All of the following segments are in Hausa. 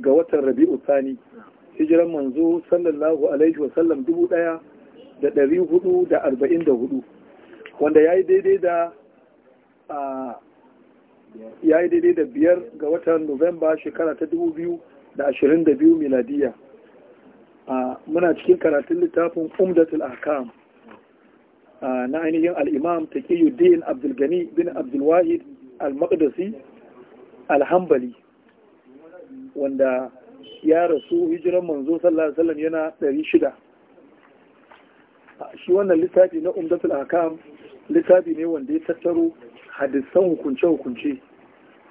ga watan rabi'u sani hijiran manzo sallallahu alaihi wa sallam dubu daya da dari hudu da arba'in da hudu wanda ya yi daidai da ya yi daidai da biyar ga watan nuwamba shekara ta dubu biyu da ashirin da biyu miladiya muna cikin karatun littafin umdatul ahkam na ainihin al'imam ta din abdulgani bin abdulwahid al maqdasi al-hambali wanda ya rasu hijiran manzo sallallahu alaihi wasallam yana 600 shi wannan littafi na umdatul ahkam littafi ne wanda ya tattaro hadisan hukunce hukunce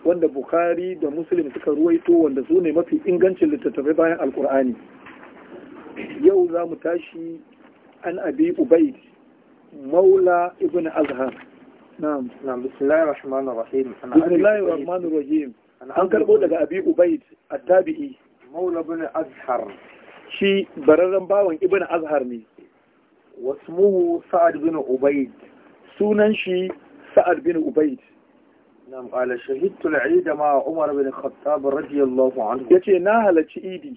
wanda bukhari da muslim suka ruwaito wanda su ne mafi ingancin littattafai bayan alkur'ani yau za mu tashi an abi ubaid maula ibn azhar na'am na'am bismillahir rahmanir rahim bismillahir rahmanir rahim an karbo daga abi ubaid at-tabi'i maula ibn azhar shi bararren bawan ibn azhar ne wasmuhu sa'ad bin ubaid sunan shi sa'ad bin ubaid nam ala shahidtu al-eid ma umar bin khattab radiyallahu anhu yace na halarci idi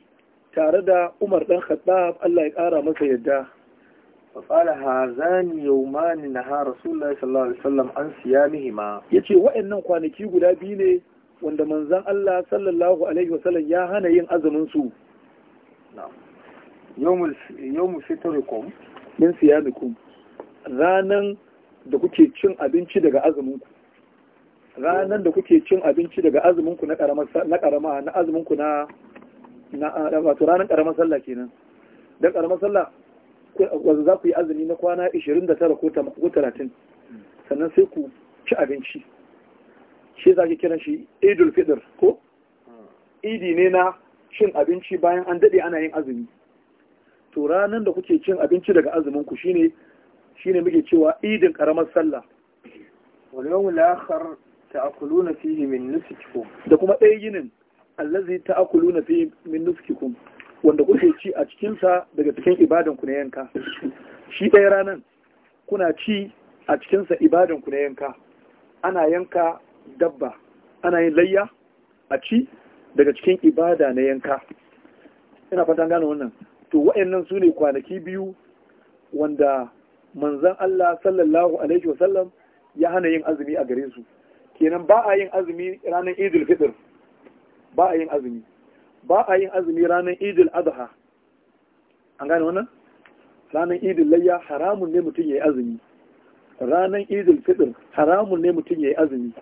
tare da umar dan khattab Allah ya kara masa yadda فقال هذان يومان نهى رسول الله صلى الله عليه وسلم عن صيامهما يتي وإنن kwanaki guda biyu ne wanda manzan Allah sallallahu alaihi wasallam ya hana yin azumin su yawmul fitrikum min siyamikum ranan da kuke cin abinci daga azumin ku ranan da kuke cin abinci daga azumin ku na karama na azumin ku na na wato ranan karamar sallah kenan dan karamar sallah wanzu za ku yi azumi na kwana 29 ko 30 sannan sai ku ci abinci shi za ki kiran shi idul fitr ko idi ne na cin abinci bayan an daɗe ana yin azumi to ranar da kuke cin abinci daga azumin ku shine shine muke cewa idin karamar sallah wa yawmul akhar ta'kuluna fihi min nusukikum da kuma ɗaya ginin allazi ta'kuluna fihi min nusukikum wanda kuke ci a cikin sa daga cikin ibadan ku na yanka shi ɗaya ranan kuna ci a cikin sa ibadan ku na yanka ana yanka dabba ana yin layya a ci daga cikin ibada na yanka ina fatan gane wannan to wa'annan su ne kwanaki biyu wanda manzan Allah sallallahu alaihi wasallam ya hana yin azumi a gare su kenan ba a yin azumi ranar idil fitr ba a yin azumi ba a yin azumi ranar idil adha an gane wannan ranar idil layya haramun ne mutum ya yi azumi ranar idil fitr haramun ne mutum ya yi azumi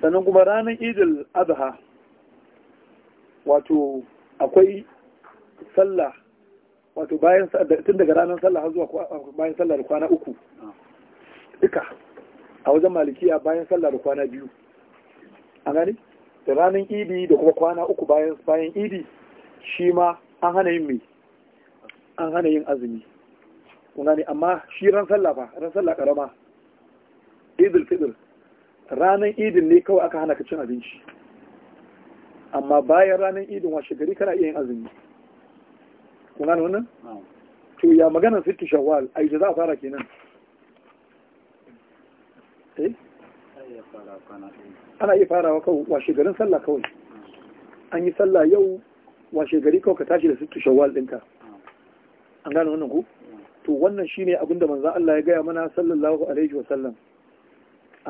sannan kuma ranar idil adha wato akwai sallah wato bayan tun daga ranar sallah har zuwa bayan sallah da kwana uku duka a wajen malikiya bayan sallah da kwana biyu a gani da ranar idi da kuma kwana uku bayan bayan idi shi ma an hana yin mai an hana yin azumi kuna gani amma shi ran sallah ba ran sallah karama idil fitr ranar idin ne kawai aka hana ka cin abinci amma bayan ranar idin washe gari kana iya yin azumi kuna da wannan to ya magana sittu shawwal a za a fara kenan eh ana iya farawa kawai washe garin sallah kawai an yi sallah yau washe gari kawai ka tashi da sittu shawwal ɗinka an gane wannan ku to wannan shine abinda manzo Allah ya gaya mana sallallahu alaihi wa sallam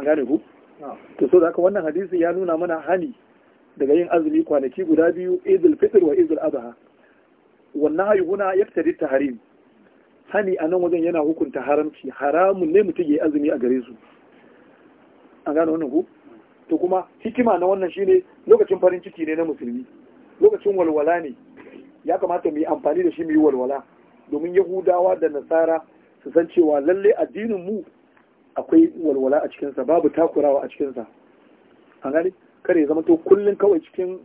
an gane ku to so da wannan hadisi ya nuna mana hani daga yin azumi kwanaki guda biyu izul fitr wa izul adha wannan hayu huna yaktari taharim hani a nan wajen yana hukunta haramci haramun ne mutum ya azumi a gare su an gane wannan ku to kuma hikima na wannan shine lokacin farin ciki ne na musulmi lokacin walwala ne ya kamata mu yi amfani da shi mu yi walwala domin yahudawa da nasara su san cewa lalle addinin mu akwai walwala a cikinsa babu takurawa a cikinsa an gani kare zama to kullum kawai cikin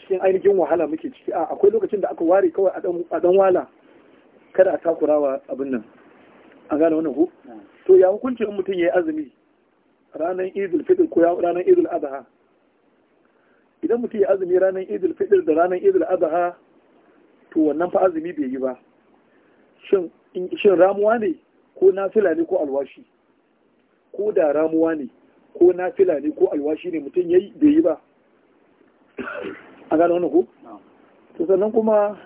cikin ainihin wahala muke ciki a akwai lokacin da aka ware kawai a dan wala kada a takurawa abin nan an gane wannan ku? to ya hukuncin mutum ya yi azumi ranar idul fitr ko ranar idul adha idan mutum ya azumi ranar idul fitr da ranar idul adha to wannan fa azumi bai yi ba shin ramuwa ne ko nafila ne ko alwashi ko da ramuwa ne ko nafila ne ko alwashi ne mutum ya yi bai yi ba a gano wani ku. to sannan kuma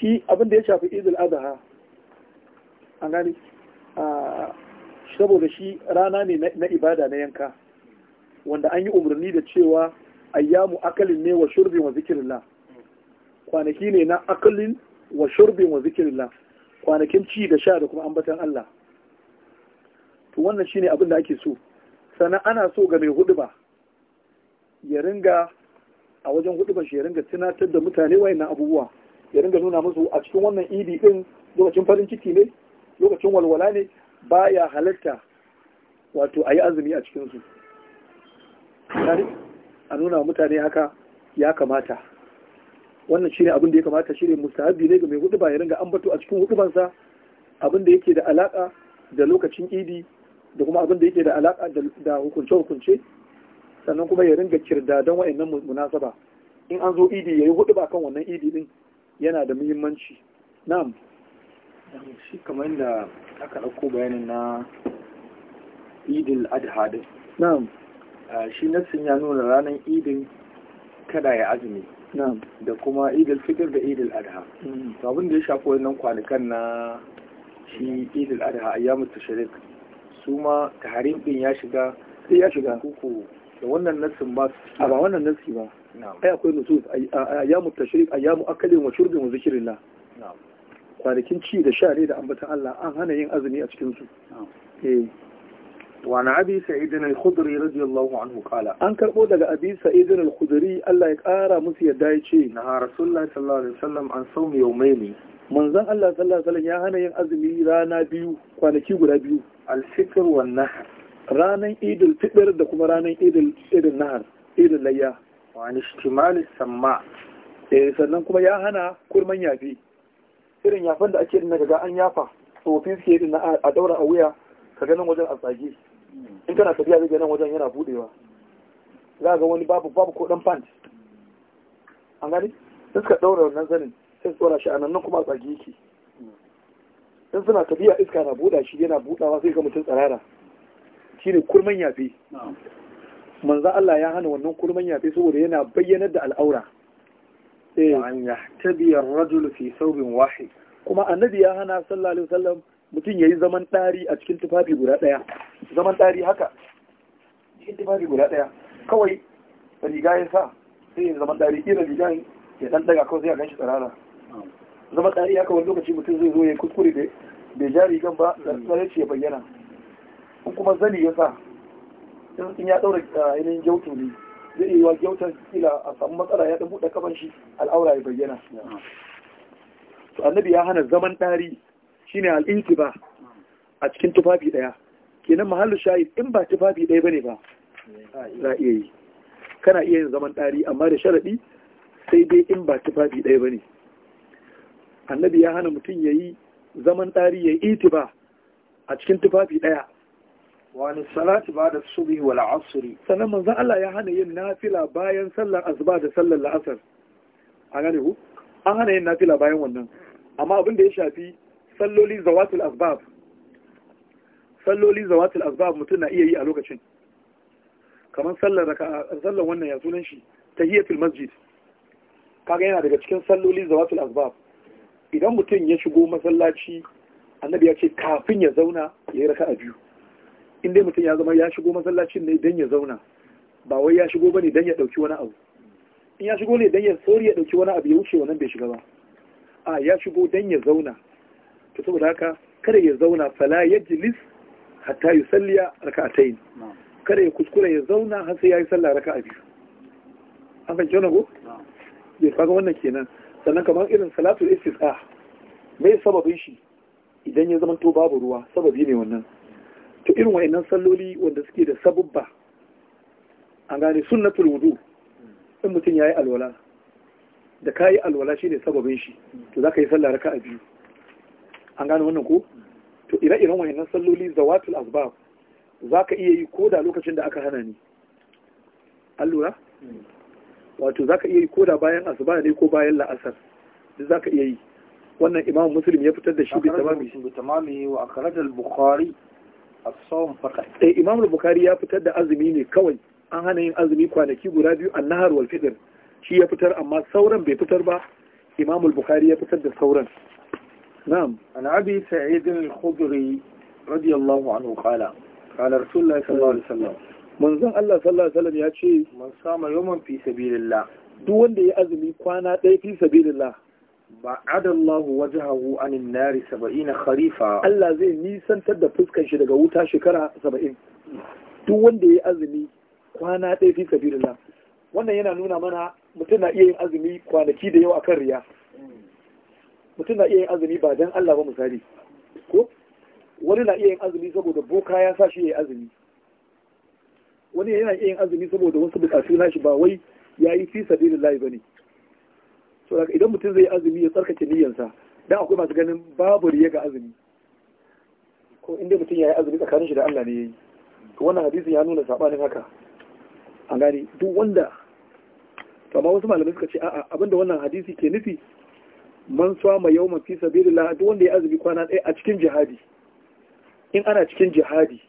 shi abin da ya shafi izil azaha an gani. saboda shi rana ne na ibada na yanka wanda an yi umarni da cewa ayyamu akalin ne wa shurbin wa zikirillah kwanaki ne na akalin wa shurbin wa zikirillah kwanakin ci da sha da kuma ambatan Allah to wannan shine abin da ake so sannan ana so ga mai huduba ya ringa a wajen huduba shi ya ringa tunatar da mutane wayannan abubuwa ya ringa nuna musu a cikin wannan idi din lokacin farin ciki ne lokacin walwala ne baya halarta wato ayi azumi a cikin su a nuna mutane haka ya kamata wannan shine abin da ya kamata shine mustahabi ne ga mai huduba ya ringa ambato a cikin hudubansa abin da yake da alaka da lokacin idi da kuma abin da yake da alaƙa da hukunce-hukunce sannan kuma ya ringa kirdadan wa'annan munasaba in an zo idi ya yi hudu ba kan wannan idi din yana da muhimmanci na'am shi kamar da aka ɗauko bayanin na idil adha din na'am shi nassin ya nuna ranar idin kada ya azumi da kuma idil fitar da idil adha mm. to abin da ya shafi wannan kwanakan na shi idil adha ayyamu tashrik su ma taharim din ya shiga sai ya shiga kuku da wannan nassin ba a ba wannan nassi ba ai akwai nusus ayyamu tashrik yamu akalin wa shurbin wa zikrillah kwanakin ci da sha ne da ambatan Allah an hana yin azumi a cikin su eh wa na abi sa'idin al-khudri radiyallahu anhu qala an karbo daga abi sa'idin al-khudri Allah ya kara musu yadda ya ce na rasulullahi sallallahu alaihi wasallam an sawmi yawmayni manzon Allah sallallahu alaihi wasallam ya hana yin azumi rana biyu kwanaki guda biyu al-fitr wan nahar ranan idul fitr da kuma ranan idul idul nahar idul layya wa an ishtimal samma eh sannan kuma ya hana kurman yafi irin yafan da ake dinga ga an yafa tsofin suke na a daura a wuya ka ga nan wajen a tsage in kana tafiya zai ga nan wajen yana budewa za ga wani babu babu ko dan pant an gani suka daura wannan zanin in tsora shi a nan kuma tsage yake in suna tafiya iska na buɗa shi yana buɗawa sai ga mutum tsirara ne kurman yafe manzo Allah ya hana wannan kurman yafe saboda yana bayyanar da al'aura eh. rajul fi kuma annabi ya hana sallallahu alaihi wasallam mutum yayi zaman dari a cikin tufafi guda daya zaman dari haka cikin tufafi guda daya kawai riga ya sa sai zaman dari kira riga ya dan daga kawai sai ya ganshi tsarara zama tsari haka wani lokaci mutum zai zo ya kuskure da bai ja rigan ba tsare ce ya bayyana in kuma zani ya sa in ya daura ah, ainihin jautu ne zai yi wa jautar kila a samu matsala ya dan buɗe kaban shi al'aura ya bayyana to annabi ya hana zaman ɗari shine ba a cikin tufafi ɗaya kenan mahallu shayi in ba tufafi ɗaya bane ba za iya yi kana iya yin zaman ɗari amma da sharaɗi sai dai in ba tufafi ɗaya bane annabi ya hana mutum ya yi zaman ɗari ya yi itiba a cikin tufafi ɗaya wani salati ba da subhi wal asri sannan manzon Allah ya hana yin nafila bayan sallar asuba da sallar la'asar a gane ku an hana yin nafila bayan wannan amma abin da ya shafi salloli zawatul asbab salloli zawatul asbab mutum na iya yi a lokacin kamar sallar sallar wannan ya sunan shi tahiyatul masjid kaga yana daga cikin salloli zawatul asbab idan mutum ya shigo masallaci annabi ya ce kafin ya zauna ya yi raka'a biyu Inda mutum ya zama ya shigo masallacin ne dan ya zauna ba wai ya shigo ba ne dan ya dauki wani abu in ya shigo ne dan ya tsori ya dauki wani abu ya wuce wannan bai shiga ba a ya shigo dan ya zauna ta saboda haka kada ya zauna fala jilis hatta yusalliya raka'atayn kada ya kuskura ya zauna har sai ya yi sallah raka'a biyu an fahimci wani go? ya faga wannan kenan sannan kamar irin salatul istisqa me sababin shi idan ya to babu ruwa sababi ne wannan to irin wayannan salloli wanda suke da sabubba an gane sunnatul wudu in mutum yayi alwala da kayi alwala shine sababin shi to zaka yi sallah raka'a biyu an gane wannan ko to ire-iren wayannan salloli zawatul asbab zaka iya yi ko da lokacin da aka hana ni allura. wato zaka iya yi ko da bayan asuba ne ko bayan la'asar duk zaka iya yi wannan imam muslim ya fitar da shi bi tamami bi tamami wa akhraj al bukhari as-sawm faqat eh imam al bukhari ya fitar da azumi ne kawai an hana yin azumi kwanaki guda biyu an-nahar wal fitr shi ya fitar amma sauran bai fitar ba imam al bukhari ya fitar da sauran na'am an abi sa'id al khudri radiyallahu anhu qala qala rasulullahi sallallahu alaihi wasallam manzon Allah sallallahu alaihi wasallam ya ce man sama yawman fi sabilillah duk wanda ya azumi kwana ɗaya fi sabilillah ba'ada Allahu wajhahu anin nari 70 kharifa Allah zai nisantar da fuskan shi daga wuta shekara 70 duk wanda ya azumi kwana ɗaya fi sabilillah wannan yana nuna mana mutum na iya yin azumi kwanaki da a akan riya mutum na iya yin azumi ba dan Allah ba misali ko wani na iya yin azumi saboda boka ya sa shi ya yi azumi wani yana iya yin azumi saboda wasu bukatu shi ba wai ya yi fi ba ne. so idan mutum zai azumi ya tsarkake niyyarsa dan akwai masu ganin babu riya ga azumi ko inda mutum ya yi azumi tsakanin shi da Allah ne ya yi to wannan hadisin ya nuna sabanin haka an gane duk wanda to amma wasu malamai suka ce a'a abinda wannan hadisi ke nufi man sama yawman fi sabilillah duk wanda ya azumi kwana ɗaya a cikin jihadi in ana cikin jihadi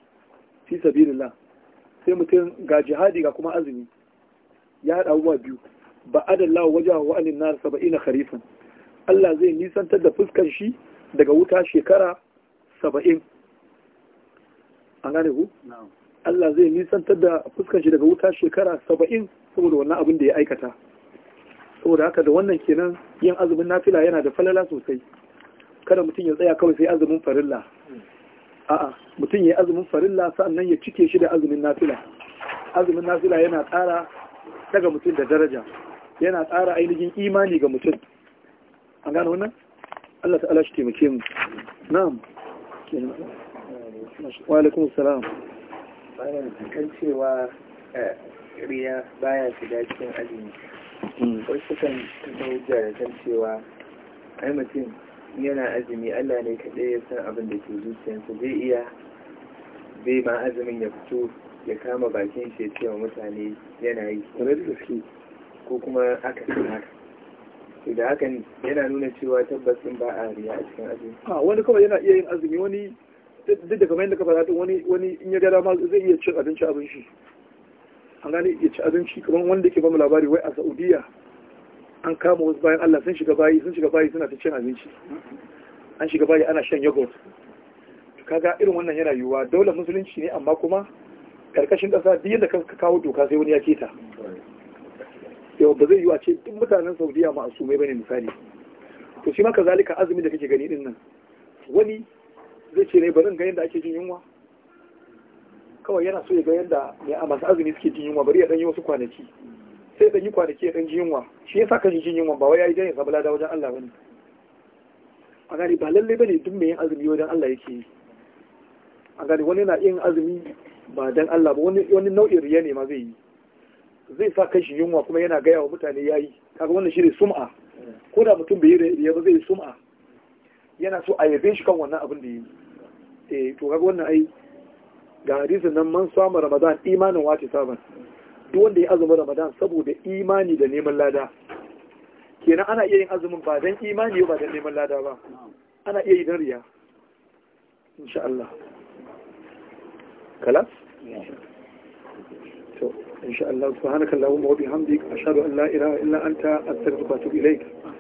fi sabilillah sai mutum ga jihadi ga kuma azumi ya haɗa abubuwa biyu ba adallahu wajahu wa nar saba'ina kharifan Allah zai nisantar da fuskar shi daga wuta shekara saba'in an gane ku? Allah zai nisantar da fuskar shi daga wuta shekara saba'in saboda wannan abin da ya aikata saboda haka da wannan kenan yin azumin nafila yana da falala sosai kada mutum ya tsaya kawai sai azumin farilla hmm. a'a mutum ya azumin farilla sannan ya cike shi da azumin nafila azumin nafila yana ƙara daga mutum da daraja yana ƙara ainihin imani ga mutum an gano wannan Allah ta'ala shi taimake mu na'am wa alaikum salam kan cewa eh, riya baya shiga cikin azumi hmm. wasu kan tabbatar da cewa ai mutum yana azumi Allah ne kaɗe ya san abin da ke zuciyarsa zai iya bai ma azumin ya fito ya kama bakin shi ya cewa wa mutane yana yi ko kuma aka san haka da hakan yana nuna cewa tabbas in ba a riya a cikin azumi a wani kawai yana iya yin azumi wani duk da kamar yadda ka faɗa wani wani in ya gada ma zai iya cin abinci abin shi an gane ya ci abinci kamar wanda ke bamu labari wai a Saudiya an kama wasu bayan Allah sun shiga bayi sun shiga bayi suna ta cin abinci an shiga bayi ana shan yogurt kaga irin wannan yana yiwuwa daular musulunci ne amma kuma karkashin kasa duk da ka kawo doka sai wani ya keta yau ba zai yiwu a ce duk mutanen saudiya ma mai bane misali to shi maka zalika azumin da kake gani din nan wani zai ce ne barin ga yadda ake jin yunwa kawai yana so ya ga yadda mai masu azumi suke jin yunwa bari ya dan yi wasu kwanaki sai da yi kwanaki ya ɗan ji yunwa shi ya sa ka ji yunwa ba wai ya yi dan ya samu lada wajen Allah bane a gani ba lalle bane duk mai yin azumi wajen Allah yake yi a gani wani na yin azumi ba dan Allah ba wani wani nau'in riya ne ma zai yi zai sa kashi yunwa kuma yana gaya wa mutane ya yi kaga wannan shi ne sum'a ko da mutum bai yi riya ba zai yi sum'a yana so a yabe shi kan wannan abin da yi eh to kaga wannan ai ga hadisin nan man samu ramadan imanin wati saban duk wanda ya azumin ramadan saboda imani da neman lada kenan ana iya yin azumin ba don imani ba don neman lada ba ana iya yi don riya insha Allah kalas to insha Allah subhanakallahumma wa bihamdik ashhadu an la ilaha illa anta astaghfiruka wa atubu ilaik